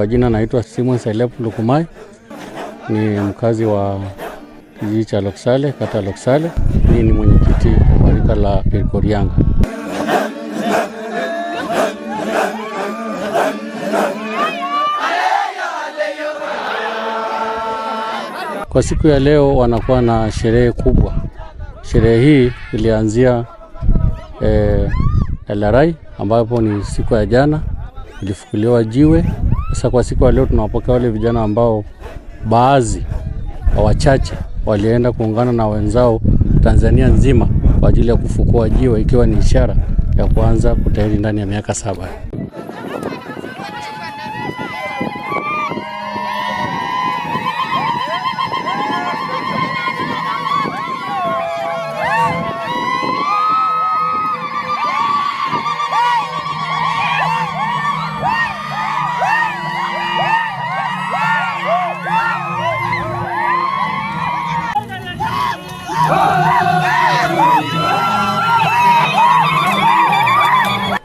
Kwa jina naitwa Simon Selep Lukumai, ni mkazi wa kijiji cha Loksale, kata Loksale. Mimi ni mwenyekiti wa rika la Pirkorianga. Kwa siku ya leo wanakuwa na sherehe kubwa. Sherehe hii ilianzia eh, LRI ambapo ni siku ya jana ilifukuliwa jiwe sasa kwa siku ya leo tunawapokea wale vijana ambao baadhi wa wachache walienda kuungana na wenzao Tanzania nzima kwa ajili ya kufukua jiwe, ikiwa ni ishara ya kuanza kutahiri ndani ya miaka saba.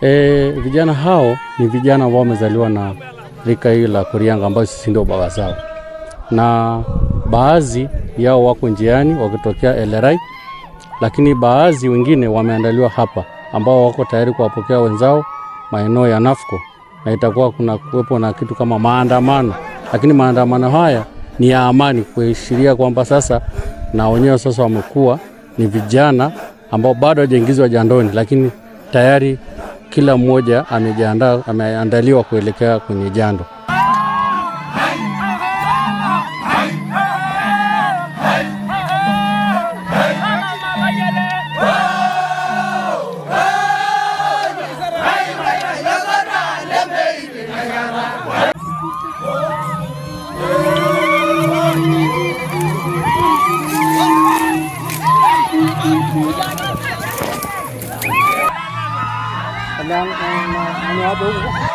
E, vijana hao ni vijana ambao wamezaliwa na rika hii la kurianga ambao sisi ndio baba zao, na baadhi yao wako njiani wakitokea Elerai, lakini baadhi wengine wameandaliwa hapa ambao wako tayari kuwapokea wenzao maeneo ya nafko na itakuwa kuna kuwepo na kitu kama maandamano, lakini maandamano haya ni ya amani, kuashiria kwamba sasa na wenyewe sasa wamekuwa ni vijana ambao bado hawajaingizwa jandoni, lakini tayari kila mmoja amejiandaa, ameandaliwa kuelekea kwenye jando. and uh, I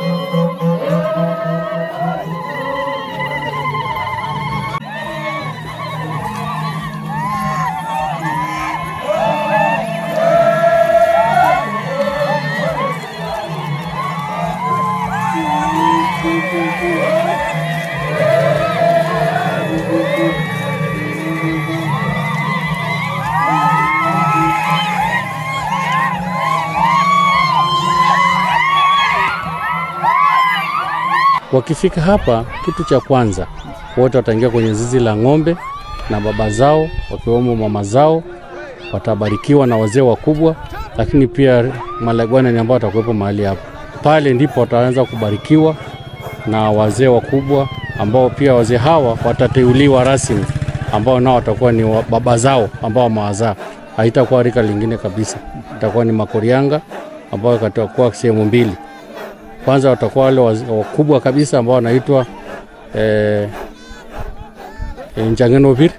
Wakifika hapa, kitu cha kwanza wote wataingia kwenye zizi la ng'ombe na baba zao wakiwemo mama zao, watabarikiwa na wazee wakubwa, lakini pia ni ambao watakuwepo mahali hapa. Pale ndipo wataanza kubarikiwa na wazee wakubwa ambao pia wazee hawa watateuliwa rasmi ambao nao watakuwa ni baba zao ambao mawazaa. Haitakuwa rika lingine kabisa, itakuwa ni makorianga ambao watakuwa sehemu mbili. Kwanza watakuwa wale wakubwa kabisa ambao wanaitwa eh, Njangenovir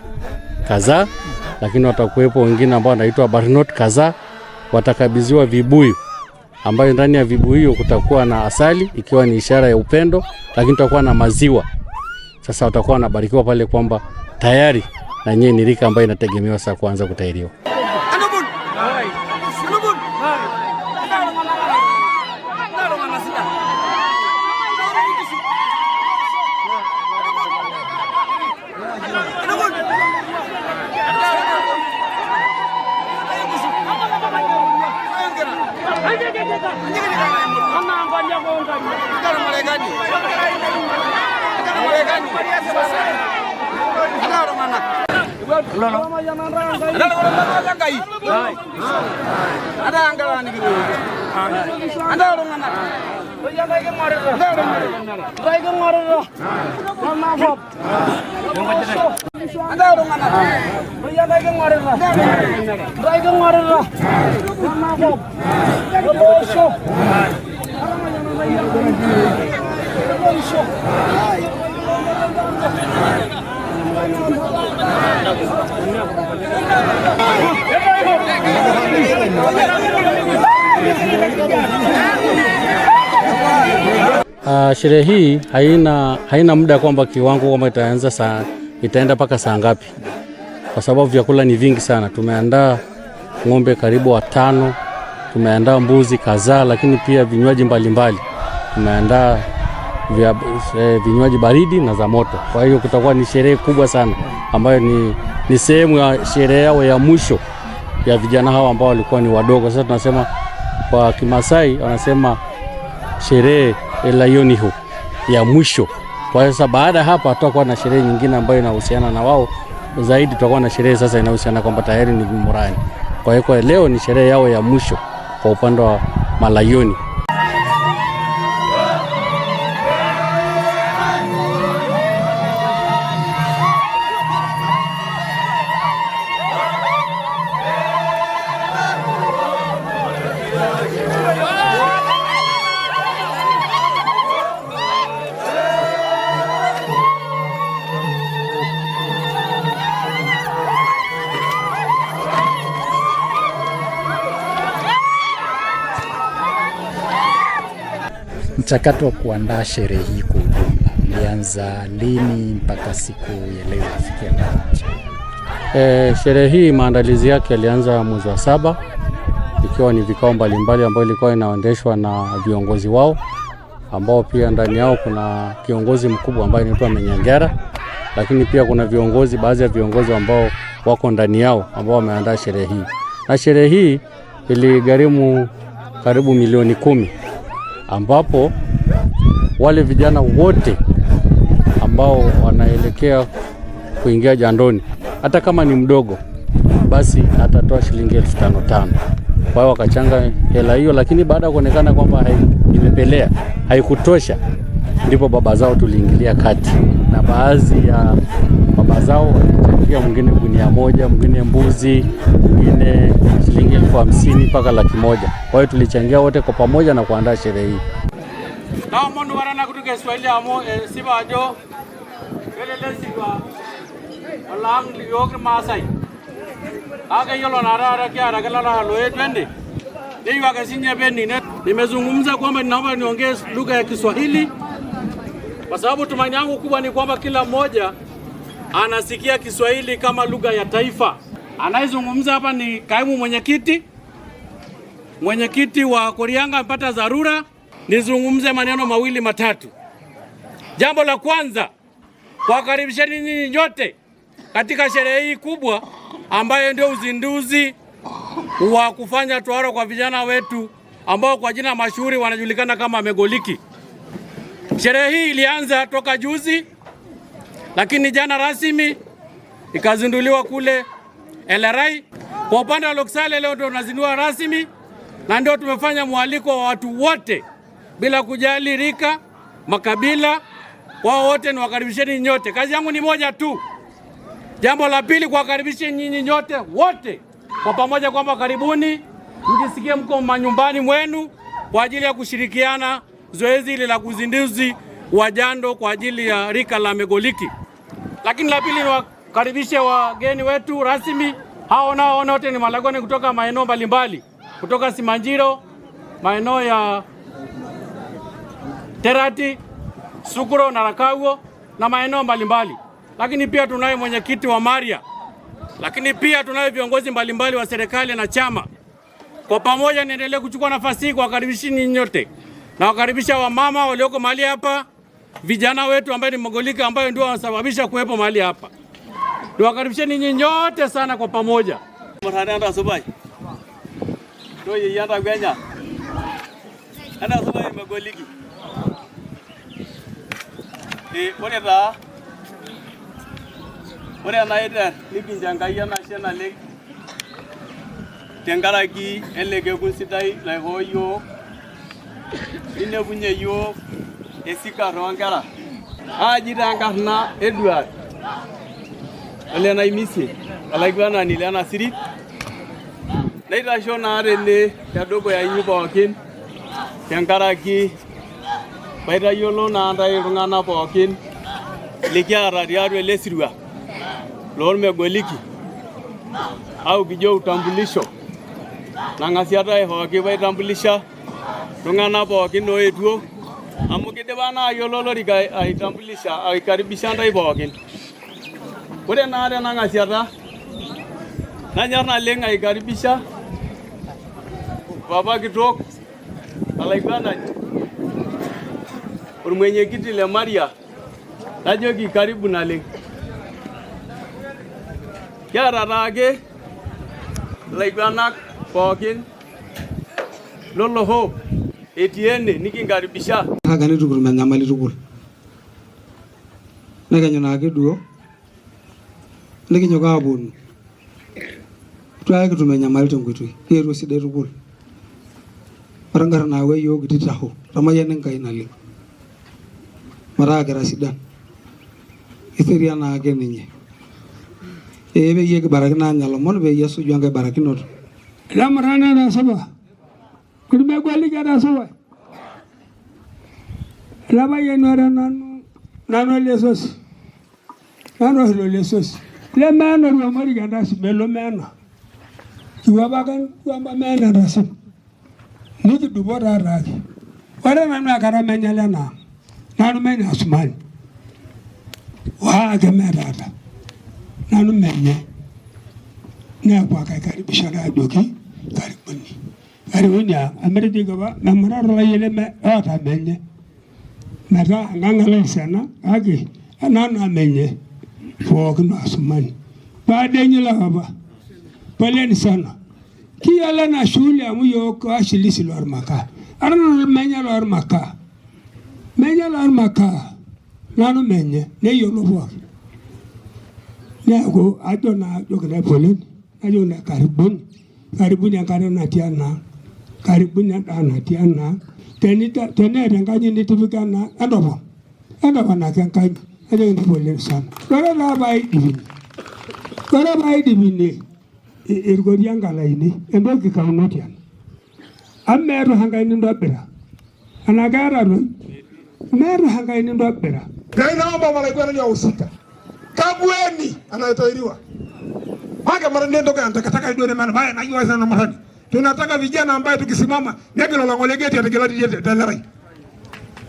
kadhaa, lakini watakuwepo wengine ambao wanaitwa Barnot kadhaa, watakabidhiwa vibuyu ambayo ndani ya vibu hiyo kutakuwa na asali ikiwa ni ishara ya upendo, lakini tutakuwa na maziwa. Sasa utakuwa unabarikiwa pale kwamba tayari na nyewe ni rika ambayo inategemewa sasa kuanza kutahiriwa. Dragon Warrior. Dragon Warrior. sherehe hii haina, haina muda kwamba kiwango kwamba itaanza saa, itaenda mpaka saa ngapi, kwa sababu vyakula ni vingi sana. Tumeandaa ng'ombe karibu watano, tumeandaa mbuzi kadhaa, lakini pia vinywaji mbalimbali tumeandaa vya e, vinywaji baridi na za moto. Kwa hiyo kutakuwa ni sherehe kubwa sana ambayo ni, ni sehemu ya sherehe yao ya mwisho ya vijana hao ambao walikuwa ni wadogo. Sasa tunasema kwa Kimasai wanasema sherehe Eh, laioni hu ya mwisho. Kwa sasa baada ya hapa tutakuwa na sherehe nyingine ambayo inahusiana na wao zaidi, tutakuwa na sherehe sasa inahusiana kwamba tayari ni Gumurani. Kwa hiyo leo ni sherehe yao ya mwisho kwa upande wa malaioni. Mchakato wa kuandaa sherehe hii kwa ujumla ulianza lini mpaka siku ya leo kufikia leo? E, sherehe hii maandalizi yake yalianza mwezi wa saba ikiwa ni vikao mbalimbali ambayo ilikuwa inaendeshwa na viongozi wao ambao pia ndani yao kuna kiongozi mkubwa ambaye anaitwa Menyangera, lakini pia kuna viongozi, baadhi ya viongozi ambao wako ndani yao ambao wameandaa sherehe hii, na sherehe hii iligharimu karibu milioni kumi ambapo wale vijana wote ambao wanaelekea kuingia jandoni, hata kama ni mdogo, basi atatoa shilingi elfu tano tano. Wao wakachanga hela hiyo, lakini baada ya kuonekana kwamba imepelea haikutosha ndipo baba zao tuliingilia kati, na baadhi ya baba zao walichangia, mwingine gunia moja, mwingine mbuzi, mwingine shilingi elfu hamsini mpaka laki moja. Kwa hiyo tulichangia wote kwa pamoja na kuandaa sherehe hii nao mundu warana kutuke swahili amo eh, sibajo kelele siba olam yogri masai aka yolo narara kiara kalala haloe twende niiwakasinye benine nimezungumza kwamba ninaomba niongee lugha ya Kiswahili kwa sababu tumaini yangu kubwa ni kwamba kila mmoja anasikia Kiswahili kama lugha ya taifa. Anayezungumza hapa ni kaimu mwenyekiti, mwenyekiti wa Korianga amepata dharura. Nizungumze maneno mawili matatu. Jambo la kwanza, kuwakaribisheni nyinyi nyote katika sherehe hii kubwa ambayo ndio uzinduzi wa kufanya tohara kwa vijana wetu ambao kwa jina mashuhuri wanajulikana kama Megoliki. Sherehe hii ilianza toka juzi, lakini jana rasmi ikazinduliwa kule LRI. Kwa upande wa Loksale leo ndio tunazindua rasmi, na ndio tumefanya mwaliko wa watu wote bila kujali rika, makabila, wao wote ni wakaribisheni nyote. Kazi yangu ni moja tu. Jambo la pili, kuwakaribisha nyinyi nyote wote kwa pamoja kwamba karibuni, mjisikie mko manyumbani mwenu kwa ajili ya kushirikiana zoezi ile la kuzinduzi wa jando kwa ajili ya rika la Megoliki. Lakini la pili, niwakaribishe wageni wetu rasmi hao nao wote ni malagoni kutoka maeneo mbalimbali, kutoka Simanjiro, maeneo ya Terati, Sukuro na Rakawo na maeneo mbalimbali. Lakini pia tunaye mwenyekiti wa Maria, lakini pia tunaye viongozi mbalimbali wa serikali na chama. Kwa pamoja niendelee kuchukua nafasi hii kuwakaribishini nyote. Nawakaribisha wamama walioko mahali hapa, vijana wetu ambaye ni magolika ambayo ndio wanasababisha kuwepo mahali hapa. Niwakaribishe ninyi nyote sana kwa pamoja. Ore taa ore ena Enkai enashe naleng tenkaraki ele kekun sidai laihoo yiok ninepunye yiok esikarr aji aaji tenkarna Edward ole naimisie olaiguanani lena sirit neitasho naa tene tedukuya inyi pookin tenkaraki maitayiolo naa ntae iltung'anak pookin likiata tiatua ele sirua loolmegoliki au kijo utambulisho nang'asi ata aihooki paitambulisha iltung'anak pookin oetuo amu kidipa naa ayiolo olorika na ada ntae pookin ore na tena ng'asiata nanyorr naleng aikaribisha e papa kitok urmenye kiti le Maria na najoki karibu naleng kiata taake ilaiguanak lolo loloho etii ene nikinkaribisha kake nitukul menyamali tukul na naake duo nikinyok aaponu itu ake kitum enyamali tenkoitoi kietuo sidai tukul ore na we yo kiti taho tamayian enkai naleng metaa kira sidan eserian naake ninye ee peyie kibarakino nyalo mon be yesu enkae barakinoto lemurana na sabah ದುಡಿಮೆಗೊಲಿಗೆ ಸವ ರವಯ್ಯನವರ ನಾನು ನಾನು ಅಲ್ಲೇ ಸೊಸಿ ನಾನು ಅಲ್ಲೇ ಸೊಸಿ le meno não ndasimelo é meno iwavakanwamba meno ndasim não raraki wala nanu akaramenyele na nanu menye asumani waake merata nanu na nekwakaikaribisha radoki karibuni amere amridi gaba namara rala yele me ata ah, benye maka le sana agi, anana menye fok no ba denye la gaba palen sana ki ala na shule amu yo ko ashilisi lor maka arana menye lor maka menye lor maka nanu menye ne yo lo fok ne ko adona jokene polen ajona karibun karibuni akarona ya tiana karibuni andana tiana tenita tenere nganyi nitibikana andopo andopo nakenkanyi aja ntibolere sana lore naa baidimini lore baidimini erikori enkalaini entoki kaunotian amu meeta hankai nintobira anaa keeta toi meeta hankai nintobira ngai naomba malaikwanani wahusika kabueni anayetoiriwa make mara ndio ndoka ntakataka idore maana baya najua sana marani tunataka vijana ambaye tukisimama negelala ngolegeti ategelati yete dalai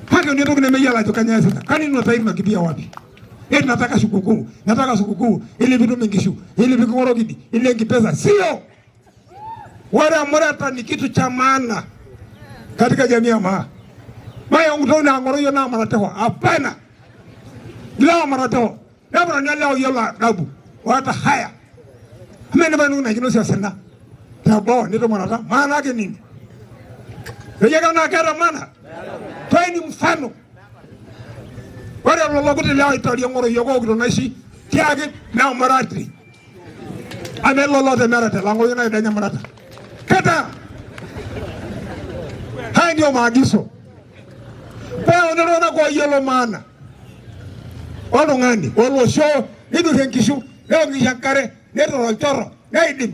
haki ndio tukinemeya tukanyasa kani tunataka makibia wapi eti nataka sikukuu nataka sikukuu ili vitu mingishu shu ili vikoro kidi ili ngipesa sio wala murata ni kitu cha maana katika jamii ya maa maya ngutona ngoro yo na marateho hapana ndio marateho ndio ndio yola gabu wata haya amene banu na kinosi sana nabo ndio mwanadamu nita maana yake nini? ejeganakera mana toeni mfano ware lolokute leaitaria ng'oro yogogiro naici tiage nao maratri ame lolote merate langoyo nayo denya marata kata haya ndio maagizo kwao nirona kwa yelo maana oltung'ani olosho nidurie nkishu neongisha nkare netoroltoro neidim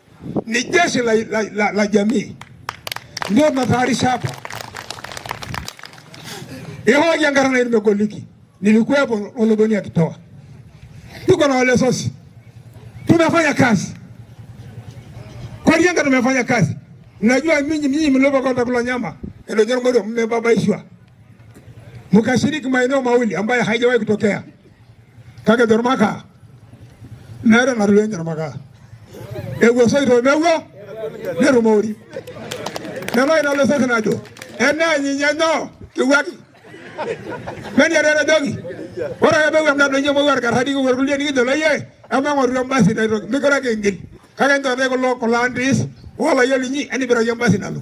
ni jeshi la, la, la, la jamii, ndio tunatayarisha hapa. ihojangara nailmegoliki nilikuwepo Oloboni akitoa, tuko na wale sosi, tumefanya kazi kwa jenga, tumefanya kazi. Najua minyi mimi mlipokwenda kula nyama ndio mmebabaishwa, mkashiriki maeneo mawili ambayo haijawahi kutokea kake dormaka nare na rulenje na eguosoito newuo nerumoori nenoina losesen najo eneenyinya nyoo kiwaki meniarere joki ore ake peewu emdaado inyi mowuar karradi kiwuar kulie nikijo loyie emang'oru embasi naitoki mikure ake ingil kake nchotei kulo kulo andis olayiolo embasi nalo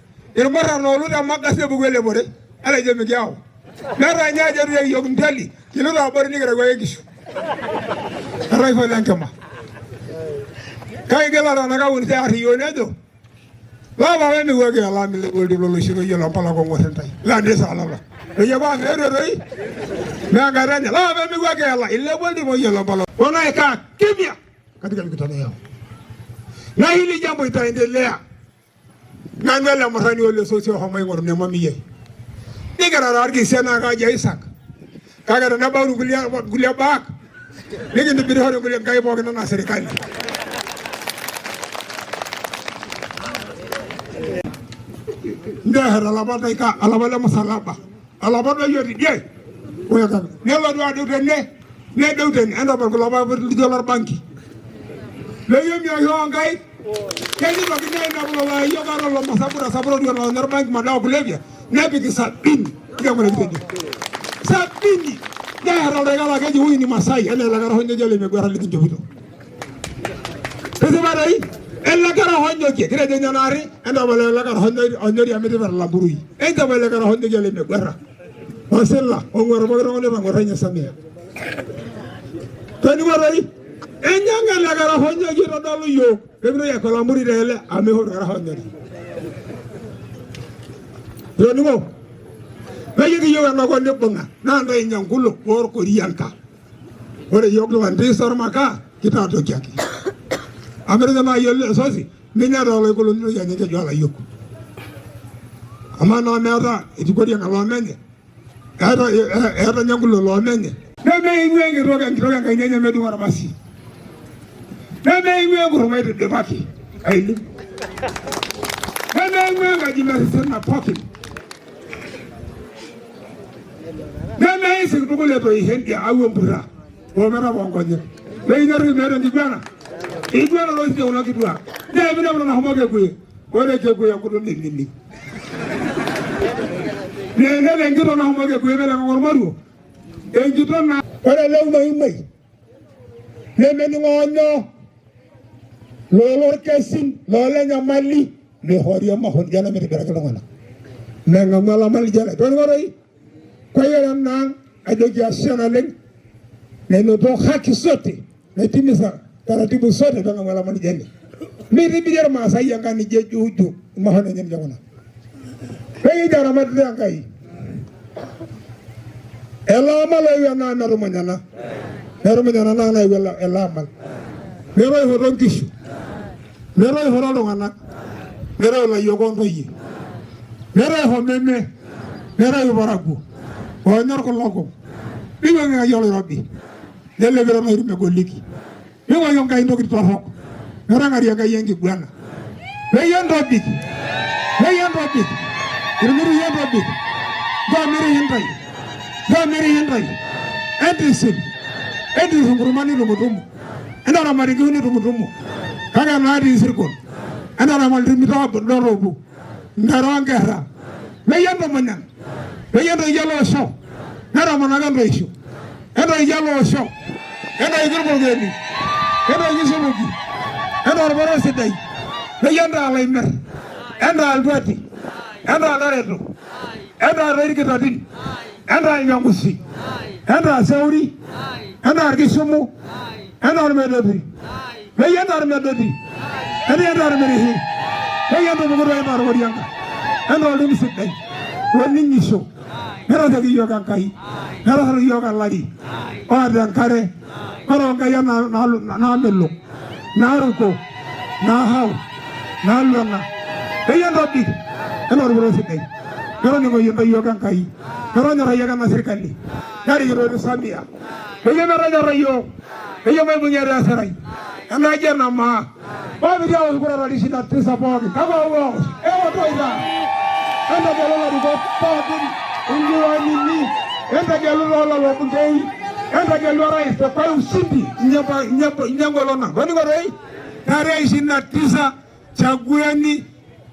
irmara no luda magase bugwele bore ala je mi nara nya je ru ndali kilo ra bor ni gara yekishu rai fa dan kai gela ra naga won sa ri yo baba we mi woge ala mi le di lolu shiro yo pala ko ngosen tay la de sa la ro yo ba me ro ro na gara nya la we mi woge ala ille bol di mo yo pala ona ka kimya katika mikutano yao na hili jambo itaendelea Nanu murani ole sosio homo ing'oru ne mamiye. isak. orkisia naa kaja Isaac. Kake tenebauru kulie baak, nikintibirishore kulie nkai pookin enaa serikali. Ndeher ne la alapa le musalaba. ne doyio tidie. Oyakan. Nelotu adou tene, ba tene. Entapal kulo banki. lijo lorbanki. yo mioyo onkaik, Kekitoki neinapulo la iyiok aatolom osaburi osaburorio loonya orbanki madawa kulevya nepik sabini kikekure kitejo sabini neeta oldakala keji huyu ni Masai ele lakarahonyoki ole megwara likinchopito tisipadai ya kalau muri le, ame hor gara honyari ronugo bayigi nggak na ko ne bonga yang ndo nyangulu por ko riyanka ore sorma ka kita to kyaki amere na yelle sosi minya do le ko lu ya ne jo ala yoku kalau no ada lo menye era era nyangulu lo menye na ini ingwe ngi roga ngi roga ngi nyenye medu Nameimwe provided the party. I knew. Nameimwe ngajima sasa na pocket. Nameimwe sikukule to ihendi awe mbura. Wamera bongonye. Leidari mera ndibana. Igwana losi unakidwa. Ne mina mna homoge kuye. Wale kuye kudumni nini. Ne ne ngiro na homoge kuye mera ngormaru. na wale leuma imai. Ne meni ngonyo. lola kesin loola nyamali ni ma mahon jana mi gara kala ngana na mala mal jana to ngoroi ko yaram na ja asiana len ne no do haki sote ne timisa taratibu sote to ngamala mali jana meri bira ma sai yanga ni je juju mahon nyem jana kai jara ma de iya kai elama lo yana na rumanyana na rumanyana na na wala elama Meroy hodon kishu. meroy horo iltung'anak meroy ilayiok ontoyie meroy homeme meroy ilparakuo oonyor kulo kop niweng'aki oloirobi nelepiro nairu megoliki niwaki enkai ntoki torrok merang'ari enkai enkiguana peyie entobik peyie entobik irmiruyi entobik ntoomiriyi ntai ntoomiriyi ntai entisip entisip nkuruma nitumutumu entoramarikiu nitumutumu kake natii sirkon enaa ormalimui dorropu nteroo nkerra meyie ntomonok meyie ntoyie ele osho netomonaka entoisho entoyie ele osho entoiki irpurkeli entoiki isupuki enaa orporo sidai meyie entaa ilaimer entaa iltuati entaa ilareto entaa iltoirkitatin entaa ilnyangusi entaa seuri entaa irkishumu enaa ormedopi வெய்யதார் மெததி எதையதார் மெரிஹி வெய்யத முகுர்வாய் மார் ஒரியங்க என்னோடு நிசிட்டை ஒன்னி நிஷோ நரதக யோகா கை நரதக யோகா லடி வார்தான் கரே மரம் கைய நாலு நாமெல்லு நாருக்கோ நாஹாவ் நாலு அண்ணா வெய்யந்தோட்டி என்னோடு புரோசிட்டை யோனிங்கோ யோகா யோகா கை யோனிங்கோ யோகா நசிர்கல்லி யாரிகிறோரு சாமியா வெய்யமரஜரையோ வெய்யமை புங்கேரியா சரை anajyanama vavili ao sikura tali ishiri na tisa pooki kavauao ewatoita endajalulariko pookin ingiwanini endajalu loolalwa bungei endajalu orais tekwai ushindi nyengolona konikorei tarehe ishiri na tisa chagueni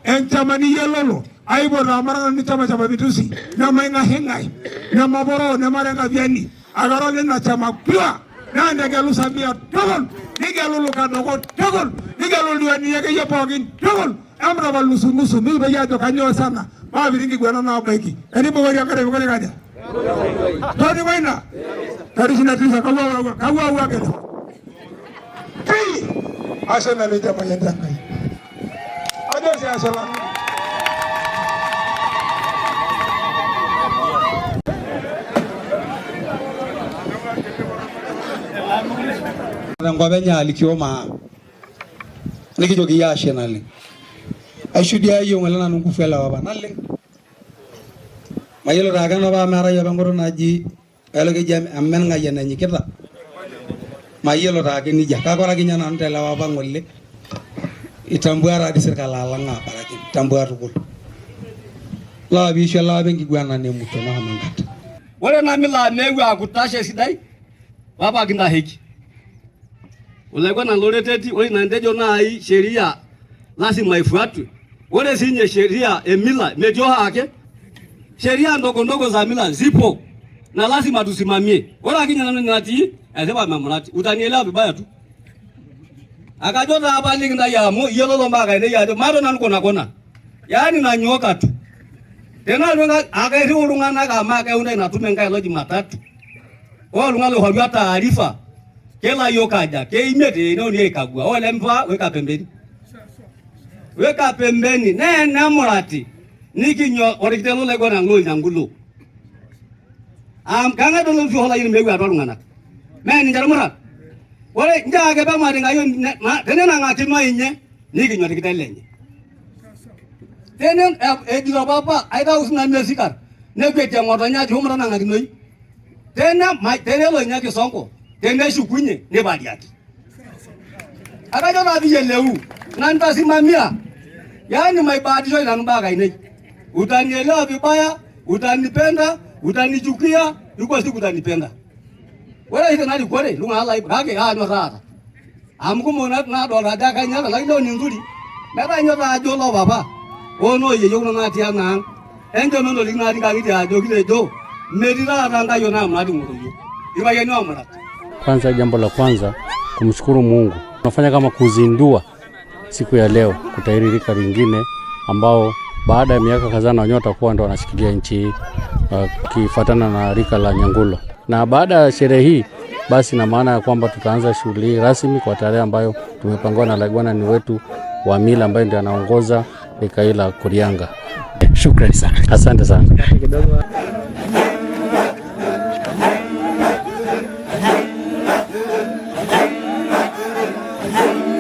enchama niyelolo aivotamarana ni chama cha mapinduzi namaing'ahing'ai namavoro nemarengavyani akarole na chama pure நான்கு சந்தியா டகுல் நிகழுள்ளு கண்ணகோ டகுல் நிகழுள்ளு நியகைய போகின் டகுல் amra ba lusu nusu mi be yato kanyo sana ba viringi gwana na baiki eni bo wari akare ngone kaja tori waina tori sina tisa kawa wa kawa wa ke tri asana le jama kai ajo si asala nangwa benyaali kiomaa nikijoki yashe naleng aishudia yong'ole nanu ngufu elewapa naleng mayiolo taake napa amu eetai apa enkoitoi naji ayiolo keji emeng'ayian enyikita mayiolo taake nija kake ore ake ninye nanu telewa apa ng'ole itambua taadi sirkali alang abaraki itambua tukul laapisho elewa apa enkiguana nemuto nahomo enkata ore nami laa meewuo akutashe esidai wapakintaheki olaikuwa naloreteti ore ina ntejo nai sheria lazima ifuatwe. Ore sinye sheria emila mejo hake, sheria ndogo ndogo za mila zipo na lazima tusimamie. Wala akinya nani nati asema mamrati, utanielewa vibaya tu. Akajota hapa ni kina ya mo yelo lomba mbaga ile ya mado nan kona kona. Yaani nyoka tu. Tena lunga akairi ulungana kama akaunda inatume ngai loji matatu. Wao lunga lo hajua taarifa Kema hiyo kaja keimie tinoni ikagua ole mva weka pembeni weka pembeni nene mulati nikinyo orikitelo lego na ngulu nyangulu am kanga dolo fi hola yin mewi adol ngana men njar murat wole njage ba ma dinga yon ma tene na ngati ma inye nikinyo tikitele nye tene e eh, eh, dilo baba aida usna mesikar ne gwe te ngoto nya jumra na ngati noi tene tene lo nya ki Nimeshukunye ni bali yake. Akaja baadhi ya leo na nitasimamia. Yaani maibadilisho inanibaka Utanielewa vibaya, utanipenda, utanichukia, yuko siku utanipenda. Wala hizo nani kwale, lunga ala ibu, hake haa Amkumo na ah, na dola daka nyaka, lakini ni nzuri. Mera nyota ajo baba. Ono ye yo na tia na. Enjo nono lingari ka gidi jo. Merira ranga yo na mradi ngoro Iba ye no kwanza, jambo la kwanza kumshukuru Mungu, tunafanya kama kuzindua siku ya leo kutairirika lingine ambao baada ya miaka kadhaa na wenyewe watakuwa ndo wanashikilia nchi hii wakifuatana uh, na rika la Nyangulo. Na baada ya sherehe hii basi, na maana ya kwamba tutaanza shughuli rasmi kwa tarehe ambayo tumepangiwa na lagwanani wetu wa mila ambaye ndio anaongoza rika hili la Kurianga. Shukrani sana, asante sana. Thank you.